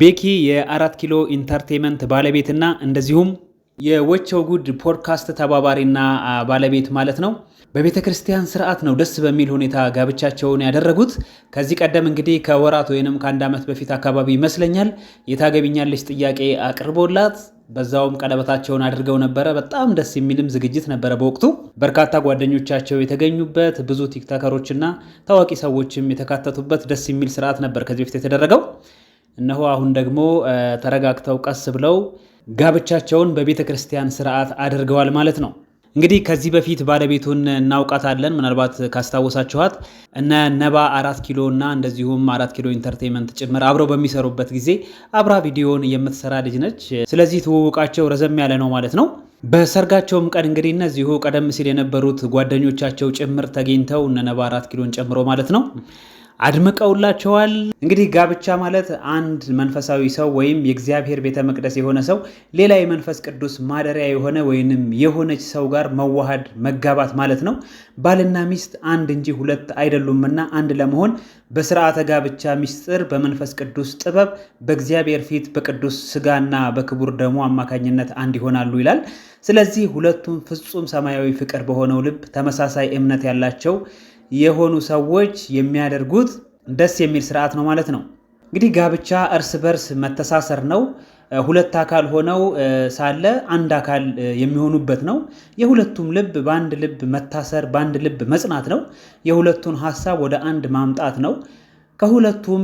ቤኪ የአራት ኪሎ ኢንተርቴንመንት ባለቤትና እንደዚሁም የወቸው ጉድ ፖድካስት ተባባሪና ባለቤት ማለት ነው። በቤተ ክርስቲያን ስርዓት ነው ደስ በሚል ሁኔታ ጋብቻቸውን ያደረጉት። ከዚህ ቀደም እንግዲህ ከወራት ወይንም ከአንድ ዓመት በፊት አካባቢ ይመስለኛል የታገቢኛለች ጥያቄ አቅርቦላት በዛውም ቀለበታቸውን አድርገው ነበረ። በጣም ደስ የሚልም ዝግጅት ነበረ በወቅቱ በርካታ ጓደኞቻቸው የተገኙበት ብዙ ቲክታከሮችና ታዋቂ ሰዎችም የተካተቱበት ደስ የሚል ስርዓት ነበር ከዚህ በፊት የተደረገው። እነሆ አሁን ደግሞ ተረጋግተው ቀስ ብለው ጋብቻቸውን በቤተ ክርስቲያን ስርዓት አድርገዋል ማለት ነው። እንግዲህ ከዚህ በፊት ባለቤቱን እናውቃታለን። ምናልባት ካስታወሳችኋት እነ ነባ አራት ኪሎ እና እንደዚሁም አራት ኪሎ ኢንተርቴንመንት ጭምር አብረው በሚሰሩበት ጊዜ አብራ ቪዲዮን የምትሰራ ልጅ ነች። ስለዚህ ትውውቃቸው ረዘም ያለ ነው ማለት ነው። በሰርጋቸውም ቀን እንግዲህ እነዚሁ ቀደም ሲል የነበሩት ጓደኞቻቸው ጭምር ተገኝተው እነ ነባ አራት ኪሎን ጨምሮ ማለት ነው አድምቀውላቸዋል። እንግዲህ ጋብቻ ማለት አንድ መንፈሳዊ ሰው ወይም የእግዚአብሔር ቤተ መቅደስ የሆነ ሰው ሌላ የመንፈስ ቅዱስ ማደሪያ የሆነ ወይንም የሆነች ሰው ጋር መዋሃድ መጋባት ማለት ነው። ባልና ሚስት አንድ እንጂ ሁለት አይደሉምና አንድ ለመሆን በስርዓተ ጋብቻ ሚስጥር በመንፈስ ቅዱስ ጥበብ በእግዚአብሔር ፊት በቅዱስ ስጋና በክቡር ደሙ አማካኝነት አንድ ይሆናሉ ይላል። ስለዚህ ሁለቱም ፍጹም ሰማያዊ ፍቅር በሆነው ልብ ተመሳሳይ እምነት ያላቸው የሆኑ ሰዎች የሚያደርጉት ደስ የሚል ስርዓት ነው ማለት ነው። እንግዲህ ጋብቻ እርስ በርስ መተሳሰር ነው። ሁለት አካል ሆነው ሳለ አንድ አካል የሚሆኑበት ነው። የሁለቱም ልብ በአንድ ልብ መታሰር፣ በአንድ ልብ መጽናት ነው። የሁለቱን ሀሳብ ወደ አንድ ማምጣት ነው። ከሁለቱም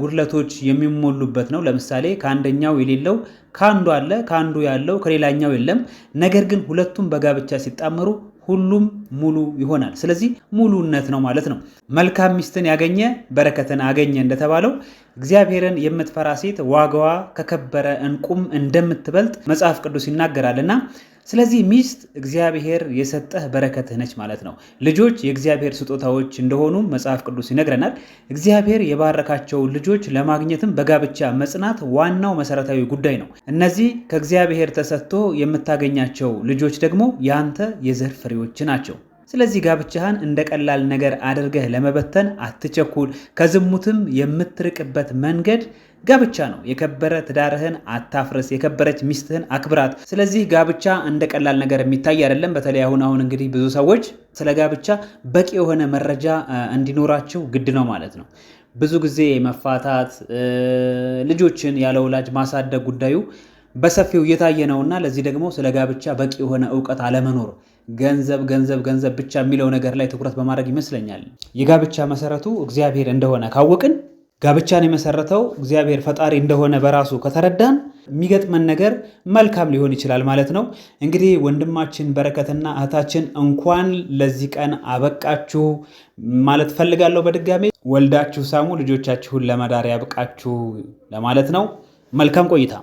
ጉድለቶች የሚሞሉበት ነው። ለምሳሌ ከአንደኛው የሌለው ከአንዱ አለ፣ ከአንዱ ያለው ከሌላኛው የለም። ነገር ግን ሁለቱም በጋብቻ ሲጣመሩ ሁሉም ሙሉ ይሆናል። ስለዚህ ሙሉነት ነው ማለት ነው። መልካም ሚስትን ያገኘ በረከትን አገኘ እንደተባለው እግዚአብሔርን የምትፈራ ሴት ዋጋዋ ከከበረ እንቁም እንደምትበልጥ መጽሐፍ ቅዱስ ይናገራል እና ስለዚህ ሚስት እግዚአብሔር የሰጠህ በረከትህ ነች ማለት ነው። ልጆች የእግዚአብሔር ስጦታዎች እንደሆኑ መጽሐፍ ቅዱስ ይነግረናል። እግዚአብሔር የባረካቸውን ልጆች ለማግኘትም በጋብቻ መጽናት ዋናው መሰረታዊ ጉዳይ ነው። እነዚህ ከእግዚአብሔር ተሰጥቶ የምታገኛቸው ልጆች ደግሞ የአንተ የዘር ፍሬዎች ናቸው። ስለዚህ ጋብቻህን እንደ ቀላል ነገር አድርገህ ለመበተን አትቸኩል። ከዝሙትም የምትርቅበት መንገድ ጋብቻ ነው። የከበረ ትዳርህን አታፍርስ። የከበረች ሚስትህን አክብራት። ስለዚህ ጋብቻ እንደ ቀላል ነገር የሚታይ አይደለም። በተለይ አሁን አሁን እንግዲህ ብዙ ሰዎች ስለ ጋብቻ በቂ የሆነ መረጃ እንዲኖራቸው ግድ ነው ማለት ነው። ብዙ ጊዜ መፋታት፣ ልጆችን ያለ ወላጅ ማሳደግ ጉዳዩ በሰፊው እየታየ ነውና ለዚህ ደግሞ ስለ ጋብቻ በቂ የሆነ እውቀት አለመኖር ገንዘብ ገንዘብ ገንዘብ ብቻ የሚለው ነገር ላይ ትኩረት በማድረግ ይመስለኛል። የጋብቻ መሰረቱ እግዚአብሔር እንደሆነ ካወቅን፣ ጋብቻን የመሰረተው እግዚአብሔር ፈጣሪ እንደሆነ በራሱ ከተረዳን የሚገጥመን ነገር መልካም ሊሆን ይችላል ማለት ነው። እንግዲህ ወንድማችን በረከትና እህታችን እንኳን ለዚህ ቀን አበቃችሁ ማለት ፈልጋለሁ። በድጋሜ ወልዳችሁ ሳሙ፣ ልጆቻችሁን ለመዳር ያብቃችሁ ለማለት ነው። መልካም ቆይታ